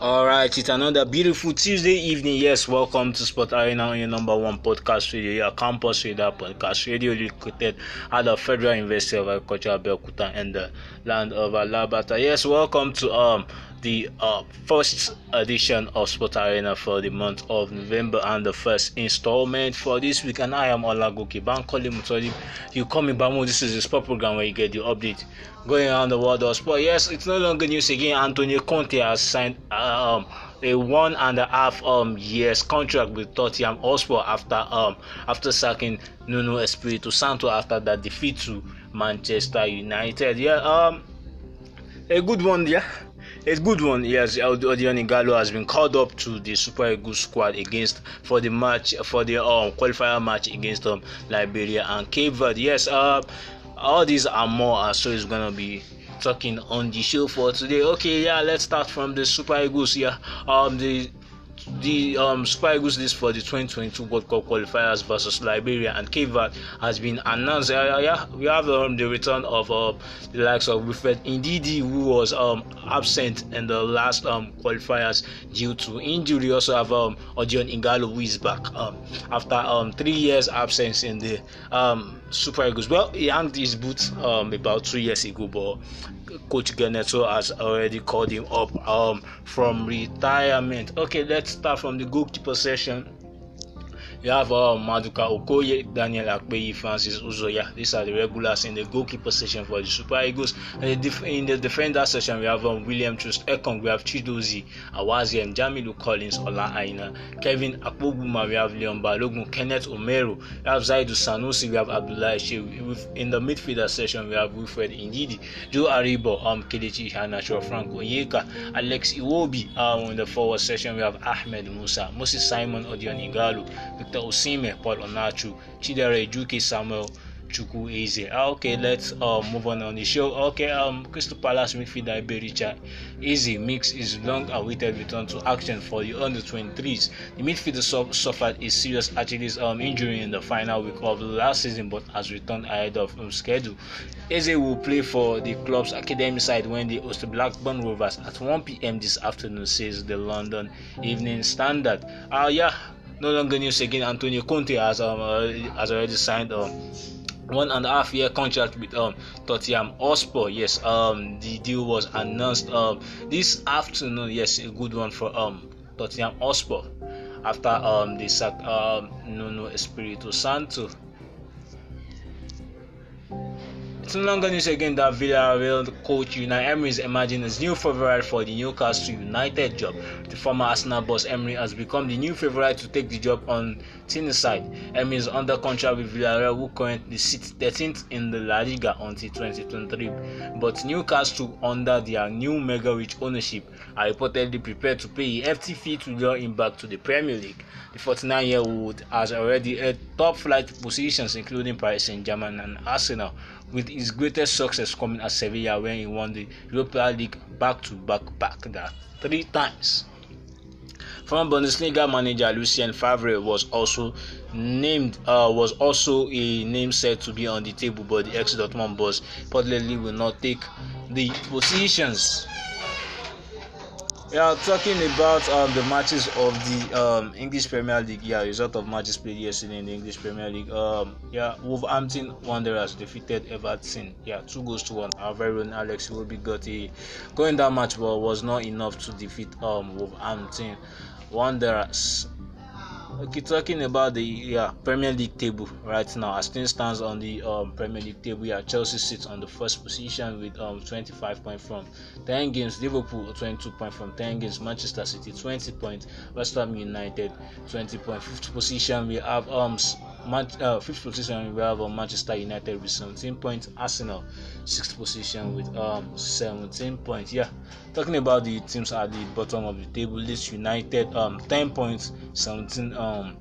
All right, it's another beautiful Tuesday evening. Yes, welcome to Spot Arena your number one podcast radio, your campus radar podcast radio located at the Federal University of Agriculture Belkuta and the land of Alabata. Yes, welcome to um the uh, first edition of Sport Arena for the month of November and the first installment for this week. And I am Olagoke Bankole Mutori. You call me Bamu. This is the sport program where you get the update going on the world of sport. Yes, it's no longer news again. Antonio Conte has signed um, a one and a half um, years contract with Tottenham Hotspur after um, after sacking Nuno Espirito Santo after that defeat to Manchester United. Yeah, um, a good one. Yeah a good one. Yes, Odion Ighalo has been called up to the Super Eagles squad against for the match for the um, qualifier match against um, Liberia and Cape Verde. Yes, uh, all these and more. Uh, so it's gonna be talking on the show for today. Okay, yeah, let's start from the Super Eagles. Yeah, um, the the um, Spygos list for the 2022 World Cup qualifiers versus Liberia and Cape Verde has been announced. yeah, we have um, the return of uh, the likes of Wilfred Indeed, who was um, absent in the last um, qualifiers due to injury. Also have um, Odion Ingalo, who is back um, after um, three years absence in the Super Eagles. Well, he hanged his boots about two years ago, but Coach Genetso has already called him up um, from retirement. Okay, let's start from the goalkeeper session. Yavor uh, Maduka Okoye, Daniel Akpeyi, Francis Uzoya. These are the regulars in the goalkeeper session for the Super Eagles. And the in the defender session, we have um, William Trust Ekong, we have Chidozi Awazi, Jamilu Collins Ola Aina, Kevin Akpoguma, we have Leon Balogun, Kenneth Omero, we have Zaidu Sanusi, we have Abdullah Shehu. In the midfielder session, we have Wilfred Indidi, Joe Aribo, um, Kelechi Iheanacho, Frank Onyeka, Alex Iwobi. Um, in the forward session, we have Ahmed Musa, Moses Simon, Odion Igalo, Victor Osime, Paul Onachu, Chidera Juki, Samuel Chuku Eze. Ah, okay, let's um, move on on the show. Okay, um, Crystal Palace midfielder Ibericha Eze makes his long-awaited return to action for the under-23s. The midfielder su- suffered a serious Achilles um, injury in the final week of last season, but has returned ahead of um, schedule. Eze will play for the club's academy side when they host Blackburn Rovers at 1 p.m. this afternoon, says the London Evening Standard. Ah, uh, yeah no longer news again. Antonio Conte has um, uh, has already signed um, one and a half year contract with um Tottenham Hotspur. Yes, um the deal was announced um this afternoon. Yes, a good one for um Tottenham Hotspur after um they sacked um Nuno Espirito Santo. Tunlonga news again that Villarreal coach Unai Emery is emerging as new favourite for the Newcastle United job. The former Arsenal boss Emery has become the new favourite to take the job on Tyneside. Emery is under contract with Villarreal, who currently sits 13th in the La Liga until 2023. But Newcastle, under their new mega-rich ownership, are reportedly prepared to pay a hefty fee to lure him back to the Premier League. The 49-year-old has already held top-flight positions, including Paris Saint-Germain and Arsenal with his greatest success coming at Sevilla when he won the Europa League back to back back that three times. Former Bundesliga manager Lucien Favre was also named uh, was also a name said to be on the table, but the ex-Dortmund boss reportedly will not take the positions we are talking about um, the matches of the um, English Premier League. Yeah, result of matches played yesterday in the English Premier League. Um, yeah, Wolverhampton Wanderers defeated Everton. Yeah, two goals to one. Our very own Alex will be a going that match, but was not enough to defeat um, Wolverhampton Wanderers okay, talking about the yeah Premier League table right now. As things stands on the um, Premier League table, yeah, Chelsea sits on the first position with um 25 points from 10 games. Liverpool 22 points from 10 games. Manchester City 20 points. West Ham United 20 points. Fifth position we have um uh, fifth position we have Manchester United with 17 points, Arsenal sixth position with um 17 points. Yeah, talking about the teams at the bottom of the table, this United um 10 points, 17 um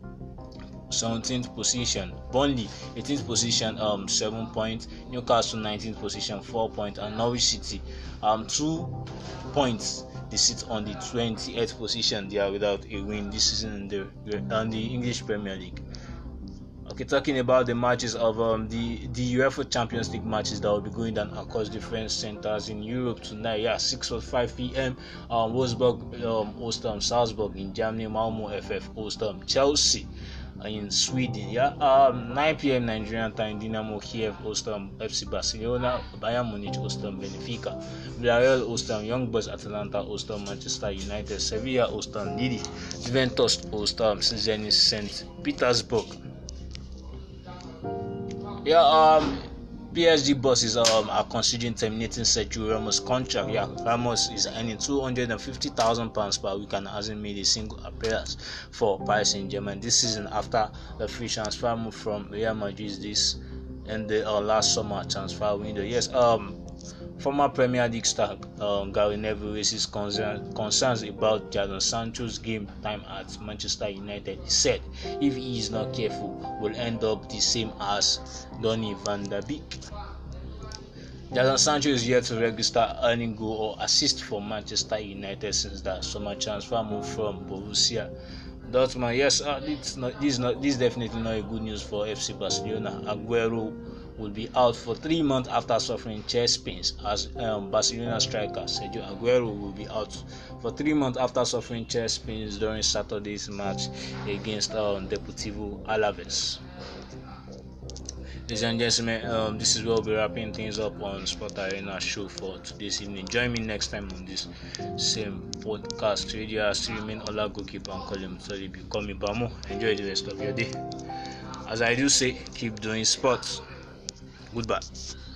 17th position, Burnley 18th position, um, 7 points, Newcastle 19th position, 4 points, and Norwich City, um, 2 points. They sit on the 28th position, they are without a win this season in the, in the English Premier League okay talking about the matches of um, the the UEFA Champions League matches that will be going down across different centers in Europe tonight. Yeah, six or five p.m. Um, Wolfsburg um, host um, Salzburg in Germany. Malmo FF host um, Chelsea in Sweden. Yeah, um, 9 p.m. Nigerian time, Dinamo Kiev host um, FC Barcelona, Bayern Munich host um, Benfica, Villarreal host um, Young Boys, Atalanta host um, Manchester United, Sevilla host um, Juventus host um, Zenit Saint Petersburg. Yeah, um, PSG bosses um, are considering terminating Sergio Ramos' contract. Yeah, Ramos is earning two hundred and fifty thousand pounds per week and hasn't made a single appearance for Paris Saint-Germain this season after the free transfer move from Real Madrid this and the uh, last summer transfer window. Yes, um, Former Premier League star um, Gary Neville raises concern, concerns about Jadon Sancho's game time at Manchester United. He said, if he is not careful, will end up the same as Donny van der Beek. Jadon Sancho is yet to register any goal or assist for Manchester United since that summer transfer move from Borussia Dortmund. Yes, uh, this, not, this, not, this is definitely not a good news for FC Barcelona. Aguero will be out for three months after suffering chest pains. As um, Barcelona striker Sergio Aguero will be out for three months after suffering chest pains during Saturday's match against um, Deportivo Alaves. Ladies and gentlemen, um, this is where we'll be wrapping things up on Sport Arena show for today's evening. Join me next time on this same podcast. Radio streaming. to remain Ola Goalkeeper and Colin call me Ibamo. Enjoy the rest of your day. As I do say, keep doing sports goodbye